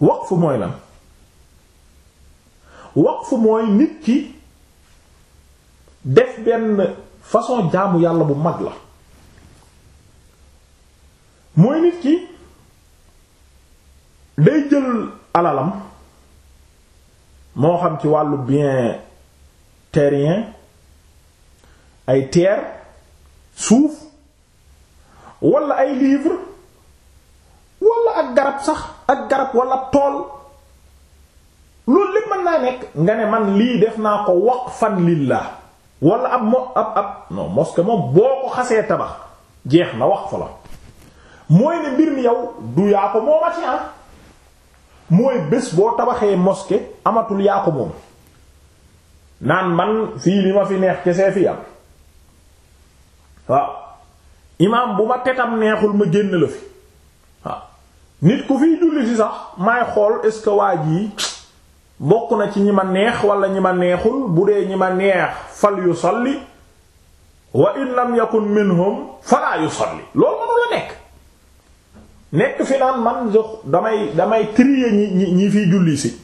waqfu mooy lan waqfu mooy nit ki def benn façon jaamu yàlla bu mag la mooy nit ki day jël alalam moo xam ci wàllu bien terrien ay terre suuf wala ay livre wala ak garab sax ak garab wala tool loolu lépp mën naa nekk nga ne man lii def naa ko waqfan lillah wala ab mo ab ab non mosquée moom boo ko xasee tabax jeex na wax la mooy ne mbir mi yow du yaa ko moomati ah mooy bés boo tabaxee mosquée amatul yaa ko moom naan man fii li ma fi neex kese fi am waaw imaam bu ma tetam neexul ma génn la fi. nit ku fiy julli si sax may xool est ce que waa ji bokk na ci ñi ma neex wala ñi ma neexul bu dee ñi ma neex fal yu salli wa in lam yakun minhum fala yu salli loolu mënu la nekk nekk fi naan man jox damay damay trier ñi ñi ñi fiy julli si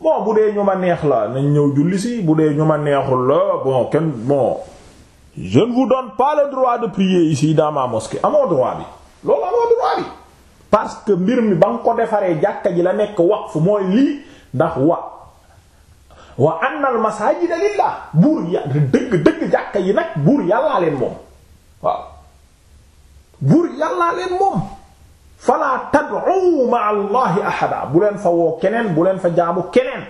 bon bu dee ñu ma neex la nañ ñëw julli si bu dee ñu ma neexul la bon kenn bon je ne vous donne pas le droit de prier ici dans ma mosquée amoo droit bi loolu amoo droit bi parce que mbir mi ba nga ko defaree jàkka ji la nekk waqf mooy lii ndax wa wa anna al masajida buur dëgg dëgg jàkka yi nag buur yàllaa leen moom waaw buur yàllaa leen moom fala tad'u ma'a allahi ahada bu leen fa woo keneen bu leen fa jaamu keneen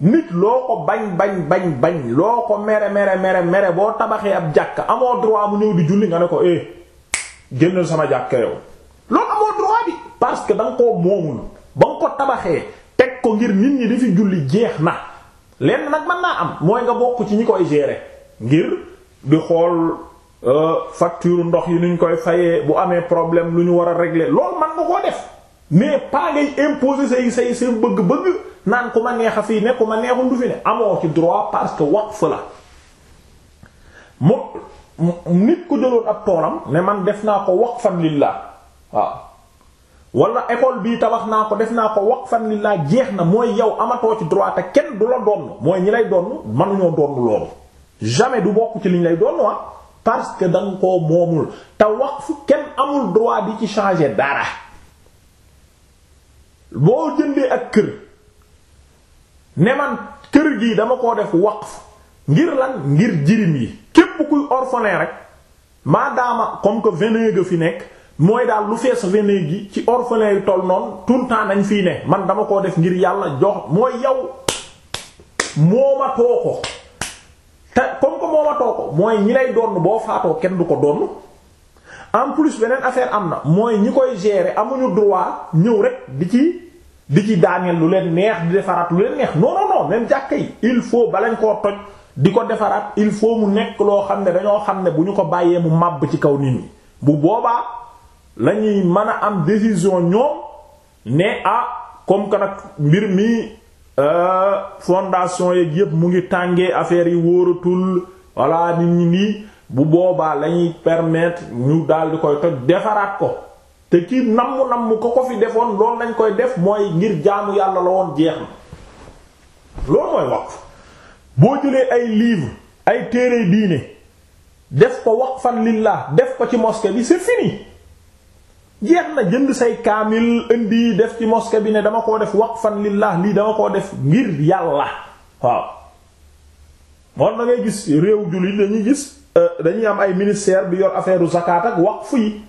nit loo ko bañ bañ bañ bañ loo ko mere mere mere mere boo tabaxee ab jàkka amoo droit mu ñëw di julli nga ne ko eh génnal sama jàkka yow loolu amoo droit bi parce que da koo moomul ba nga ko tabaxee teg ko ngir nit ñi di fi julli jeex na lenn nag mën naa am mooy nga bokk ci ñi koy gere ngir di xool euh, facture ndox yi nuñ koy fayee bu amee problème lu ñu war a régler loolu man nga koo def mais pas ngay imposer say say seen bëgg-bëgg naan ku ma neex a fii nekku ma neexul du fi ne amoo ci droit parce que waqf la mo nit ku jëloon ab toolam ne man def naa ko wax waqfan lillah waaw wala ecole bii tabax naa ko def naa ko wax fan lillah jeex na mooy yow amatoo ci droit kenn du la donn mooy ñi lay donn mënuñoo donn loolu jamais du bokk ci liñ lay donn wa ah. parce que da ko koo moomul te waqf kenn amul droit di ci changer dara boo jëndee ak kër ne man kër gii dama koo def waqf ngir lan ngir jirim yi képp kuy orphelin rek maadaama comme que vingt ga fi nekk mooy daal lu fees vingt gi ci orphelin yi toll noonu tout le temps nañ fii ne man dama koo def ngir yàlla jox mooy yow moomatoo ko te comme que moomatoo ko mooy ñi lay doon boo faatoo kenn du ko doon en plus beneen affaire am na mooy ñi koy gérer amuñu droit ñëw rek di ci di ci daaneel lu leen neex di defaraat lu leen neex non non non jàkka yi il faut balañ koo toj. di ko defaraat il faut mu nekk loo xam ne dañoo xam ne bu ñu ko bàyyee mu màbb ci kaw nit ñi bu boobaa lañuy mën a am décision ñoom ne ah comme que mbir mi euh, fondation yeeg yépp mu ngi tàngee affaire yi wóoratul walla nit ñi nii bu boobaa lañuy permettre ñu daal koy toj defaraat ko te kii namm namm ko ko fi defoon loolu lañ koy def mooy ngir jaamu yàlla la woon jeex na loolu mooy waqf boo jëlee ay livre ay téere diine def ko waqfan lillah def ko ci moske bi c'est fini jeex na jënd say kaamil indi def ci moske bi ne dama koo def wax fan lillah lii dama koo def ngir yàlla waaw moom da ngay gis réew jullit dañuy gis euh, dañuy am ay ministère bi yor affaire u zakat ak yi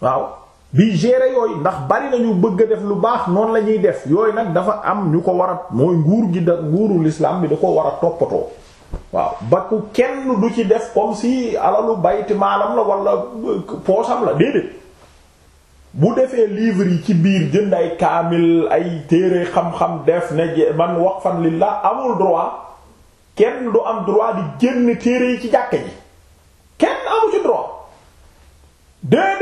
waaw bi gérer yooyu ndax bari nañu bëgg a def lu baax noonu la ñuy def yooyu nag dafa am ñu ko war a mooy nguur gi da nguuru lislaam bi da ko war a toppatoo waaw ba ku kenn du ci def comme si alalu bayti maalam la wala poosam la déedéet bu defee livre yi ci biir jënd ay kaamil ay téere xam-xam def ne man waqfan lillah amul droit kenn du am droit di jën téere yi ci jàkka ji kenn amu ci droit déedéet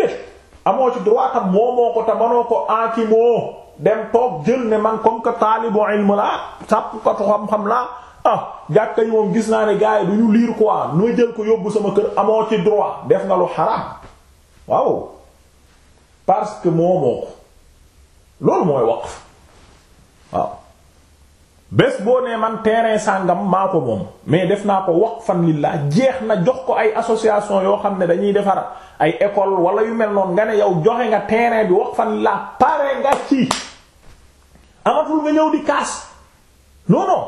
amoo ci droit tam moo ko te manoo ko anki moo dem toog jël ne man comme que taalibu ilm laa sàppkatu xam-xam laa ah jàkka yi moom gis naa ne gars du ñu liir quoi nu jël ko yóbbu sama kër amoo ci droit def nga lu xaraam waaw parce que moo moo ko loolu mooy waqf waaw bés boo nee man terrain sàngam maa ko moom mais def naa ko wax waqfan lillah jeex na jox ko ay association yoo xam ne dañuy defar ay école wala yu mel noonu nga ne yow joxe nga terrain bi waqfan lillah pare nga ci amatul nga ñëw di kaas non non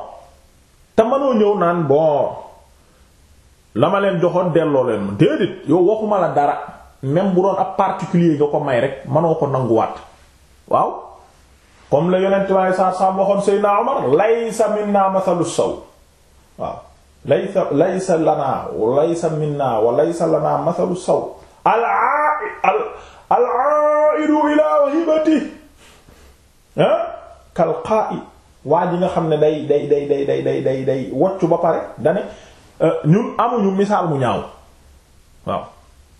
te mënoo ñëw naan bon la ma leen joxoon delloo leen ma déedéet yow waxuma la dara même bu doon ab particulier nga ko may rek mënoo ko nanguwaat waaw. comme la yonent bi saa saam waxoon Seydina Omar laysa minna mathalu saw waaw laysa lanaa laysa minna wa laysa lanaa mathalu saw al al aidu ila hibati kal qaa'i waa ji nga xam ne day day day day day day day day woccu ba pare dane euh, ñun amuñu misaal mu ñaaw waaw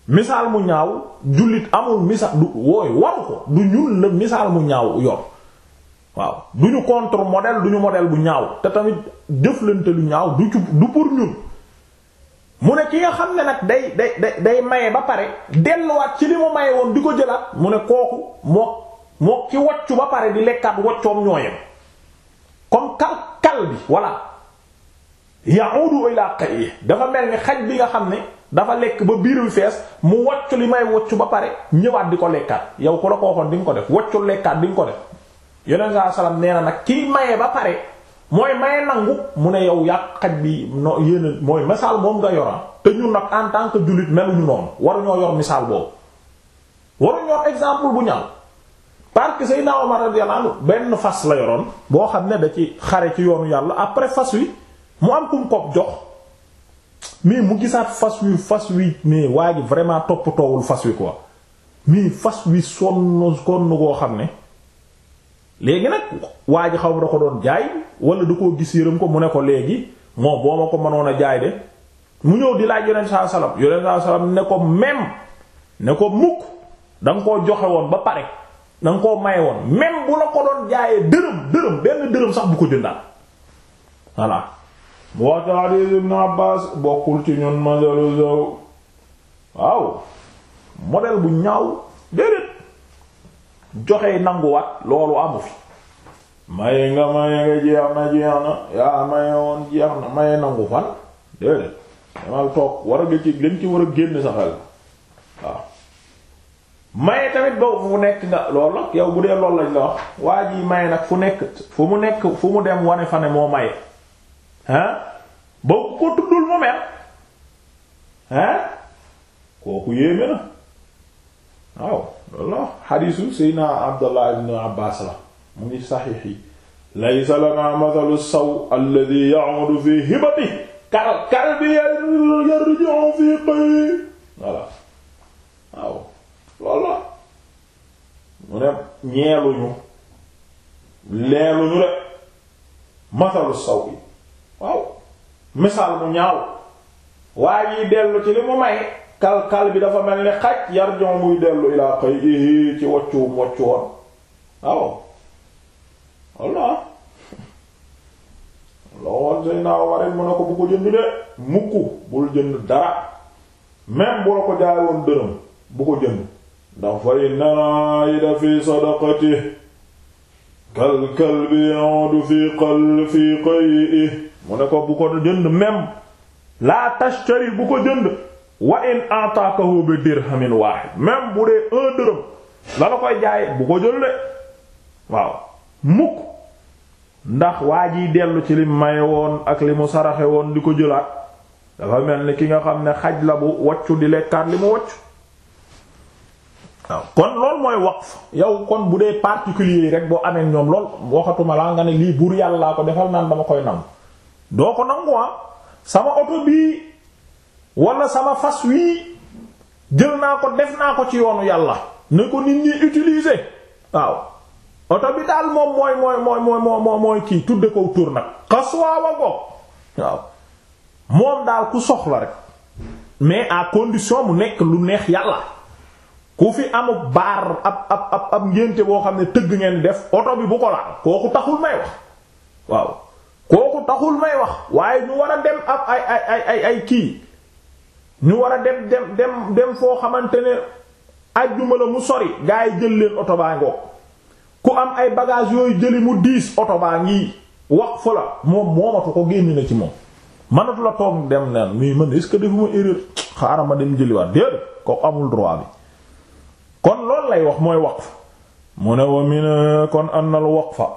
misaal mu ñaaw jullit amul misaal du wooy waru ko du ñun la misaal mu ñaaw yor waaw du ñu contre modèle du ñu modèle bu ñaaw te tamit jëflante lu ñaaw du ci du pour ñun mu ne ki nga xam ne nag day day day maye ba pare delluwaat ci li ma maye woon di ko jëlaat mu ne kooku moo moo ki waccu ba pare di lekkaat waccoom ñooyam comme kal kal bi voilà ya'udu ila qayyi dafa mel ni xaj bi nga xam ne dafa lekk ba biir bi fees mu waccu li may waccu ba pare ñëwaat di ko lekkaat yow ku la ko waxoon di nga ko def waccu lekkaat di nga ko def yeneen saa salaam nee na nag kiy maye ba pare mooy maye nangu mu ne yow yàq xaj bi no mooy misaal moom nga yoram ah. te ñun nag en tant que jullit meluñu noonu ñoo yor misaal boobu waruñoo exemple bu ñaaw parce que Seydina ma radiyallahu anhu benn fas la yoroon boo xam ne da ci xare ci yoonu yàlla après fas wi mu am kum kopp jox mais mu gisaat fas wi fas wi mais waa ji vraiment toppatoowul fas wi quoi mais fas wi sonn sonn koo xam ne. léegi nag waa ji xaw ma da ko doon jaay wala du koo gis yërëm ko mu ne ko léegi moom boo ma ko mënoon a jaay de mu ñëw di laaj yonent saa salaam yonent saa salaam ne ko même ne ko mukk da koo joxe woon ba pare da nga koo maye woon même bu la ko doon jaayee dërëm dërëm benn dërëm sax bu ko jëndal voilà. bu waxtu hadith waaw modèle bu ñaaw déedéet. joxe nanguwaat loolu amu fi maye nga maye nga jeex na jeex na yaa maye woon jeex na maye nangu fan déedéet damal toog war a nga ci ci war a génn sa waaw maye tamit boobu fu nekk nga loolu la yow bu dee loolu la wax waa ji maye nag fu nekk fu mu nekk fu mu dem wane fa moo maye ah ba ko tuddul mu mel ah kooku yéeme na waaw walla xadiisu seydna abdallah ibn abbaas la mu ngi saxiix yi laysa lana mathalu saw alladhi ya'udu fi hibati kal kalbi yarji'u fi qayli voilà waaw loolu la mu ne ñeeluñu leeluñu rek mathalu saw yi waaw misaal mu ñaaw waaye yi dellu ci li mu maye kalkal bi dafa mel ni xaj yarjon muy dellu ilaa xëy éé ci waccuwum waccu woon waaw walla lool say naa warit mu ne ko bu ko jënd de mukk bul jënd dara même boo ko jaay dërëm bu ko jënd ndax fa inna al-aayida fi sadaqatihi kalkalbi ya'udu fi qal fi qay'ihi mu ne ko bu ko jënd même laa tashtari bu ko jënd wa in ataakahu bi dirhamin waahid même bu dee un dërëm la la koy jaay bu ko jël de waaw mukk ndax waa jiy dellu ci li maye woon ak li mu saraxe woon di ko jëlaat dafa mel ni ki nga xam ne xaj la bu waccu di lekkaat li mu waccu waaw kon loolu mooy waqf yow kon bu dee particulier rek boo amee ñoom lool waxatuma laa nga ne lii buur yàllaa ko defal naan dama koy nangu doo ko nangu ah. sama oto bii wala sama fas wii jël naa ko def naa ko ci yoonu yàlla ne ko nit ñi utiliser waaw oto bi daal moom mooy mooy mooy mooy mooy mooy kii tudde ko tur nag xaswaawa ko waaw moom daal ku soxla rek mais à condition mu nekk lu neex yàlla ku fi amub baar ab ab ab ab ngénte boo xam ne tëgg ngeen def oto bi bu ko laal kooku taxul may wax waaw kooku taxul may wax waaye ñu war a dem ab ay ay ay ay kii ñu war a dem dem dem dem foo xamante ne ajjuma la mu sori gaa yi jël leen oto baa ngoog ku am ay bagage yooyu jëli mu diis oto baa ngi waqfu la moom moomatu ko génn na ci moom manatu la toog dem naan muy man est-ce que defuma xaaral ma dem jëliwaat déedéet ko amul droit bi kon lool lay wax mooy waqf mu ne wa min kon anna al waqfa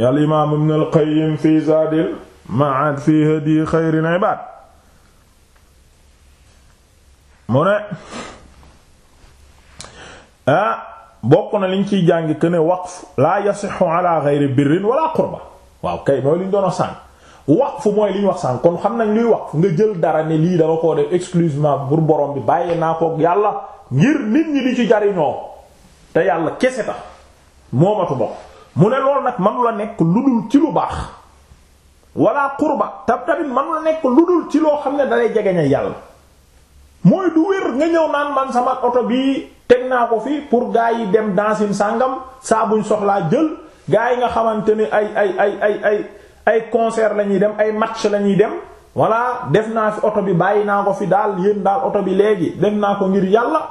al imaam ibn al qayyim fi zaadil ma'aad fi hadi xayril ibaad mu ne ah bokk na ñu ciy jàng que ne waqf laa yasixu ala ghayri birrin wala qurba waaw kay mooy liñ doon wax sànq waqf mooy liñ wax sànq kon xam nañ luy wax nga jël dara ne lii dafa koo def exclusivement pour borom bi bàyyee naa kook yàlla ngir nit ñi di ci jariñoo te yàlla kese tax moomatu bokk mu ne loolu nag manu la nekk lu dul ci lu baax wala qurba te tamit manu la nekk lu dul ci loo xam ne dalay jegeña yàlla. mooy du wér nga ñëw naan man sama oto bi teg naa ko fi pour gaa yi dem dansin sàngam saa buñ soxlaa jël gaa yi nga xamante ni ay ay ay ay ay ay concert la ñuy dem ay match la ñuy dem voilà def naa fi oto bi bàyyi naa ko fi daal yéen daal oto bi léegi def naa ko ngir yàlla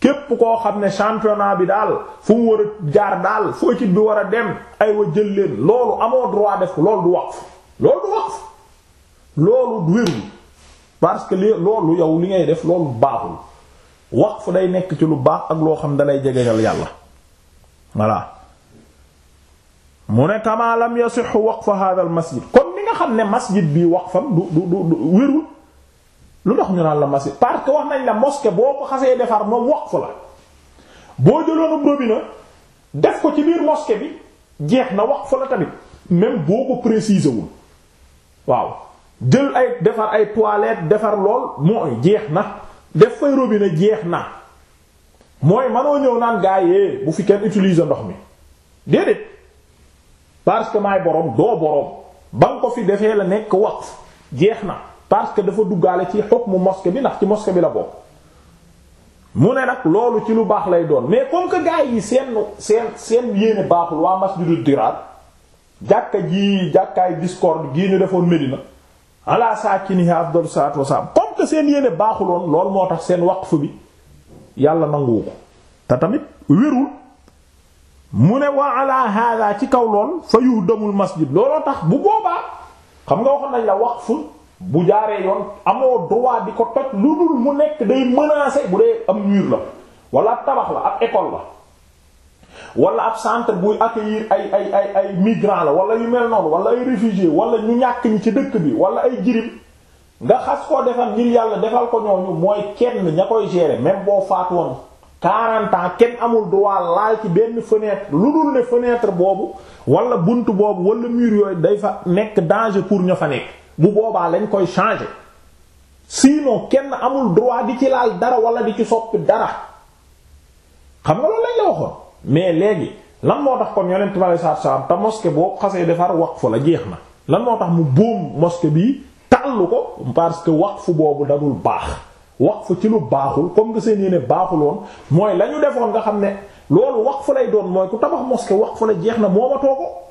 képp koo xam ne championnat bi daal fu mu war a jaar daal fu équipe bi war a dem ay wa jël leen loolu amoo droit def ko loolu du waqf loolu du waqf loolu du wérul parce que li loolu yow li ngay def loolu baaxul waqf day nekk ci lu baax ak loo xam dalay jegeñal yàlla voilà mu ne kama lam yasixu waqfa hadha al masjid kon li nga xam ne masjid bi waqfam du du du wérul lu tax ñu naan la masjid parce que wax nañ la mosquée boo ko xasee defar moom wax waqf la boo jëloon ab robinet def ko ci biir mosquée bi jeex na waqf la tamit même boo ko préciser waaw jël ay defar ay toilettes defar lool mooy jeex na def fay robine jeex na mooy manoo ñëw naan gaa yee eh, bu fi kenn utiliser ndox mi déedéet parce que maay borom doo borom ba nga ko fi defee la nekk waqf jeex na parce que dafa duggaale ci mu mosquée bi ndax ci mosquée bi la bokk mu ne nag loolu ci lu baax lay doon mais comme que gaa yi seen seen seen yéene baaxul waa masjidul diraar jàkka ji jàkkaay discorde gii ñu defoon Medina. ala saakinihi afdalu salaatu wasalaam comme que seen yéene baaxuloon lool moo tax seen waqf bi yàlla nangu ko te tamit wérul mu ne wa ala hada ci kaw lool fa yuhdamul masjid looloo tax bu boobaa xam nga waxoon nañ la wax fu bu jaaree yoon amoo droit di ko toj lu dul mu nekk day menacer bu dee am mur la wala tabax la ab école la wala ab centre buy accueillir ay ay ay ay migrants la wala yu mel noonu wala ay réfugiés wala ñu ñàkk ñi ci dëkk bi wala ay jirim nga xas koo defal ngir yàlla defal ko ñooñu mooy kenn ña koy gérer même boo faatu woon 40 ans kenn amul droit laal ci benn fenêtre lu dul ne fenêtre boobu wala bunt boobu walla mur yooyu day fa nekk danger pour ña fa nekk bu boobaa lañ koy changer sinon kenn amul droit di ci laal dara wala di ci soppi dara xam nga loolu mais léegi lan moo tax kon yonent bi alayhi salaatu salaam te mosquée boo xasee defar wax waqfu la jeex na lan moo tax mu boom mosquée bi tàllu ko parce que wax fu boobu dadul baax waqfu ci lu baaxul comme nga seen yéene baaxul woon mooy la ñu defoon nga xam ne loolu wax waqfu lay doon mooy ku tabax wax waqfu la jeex na moomatoo ko.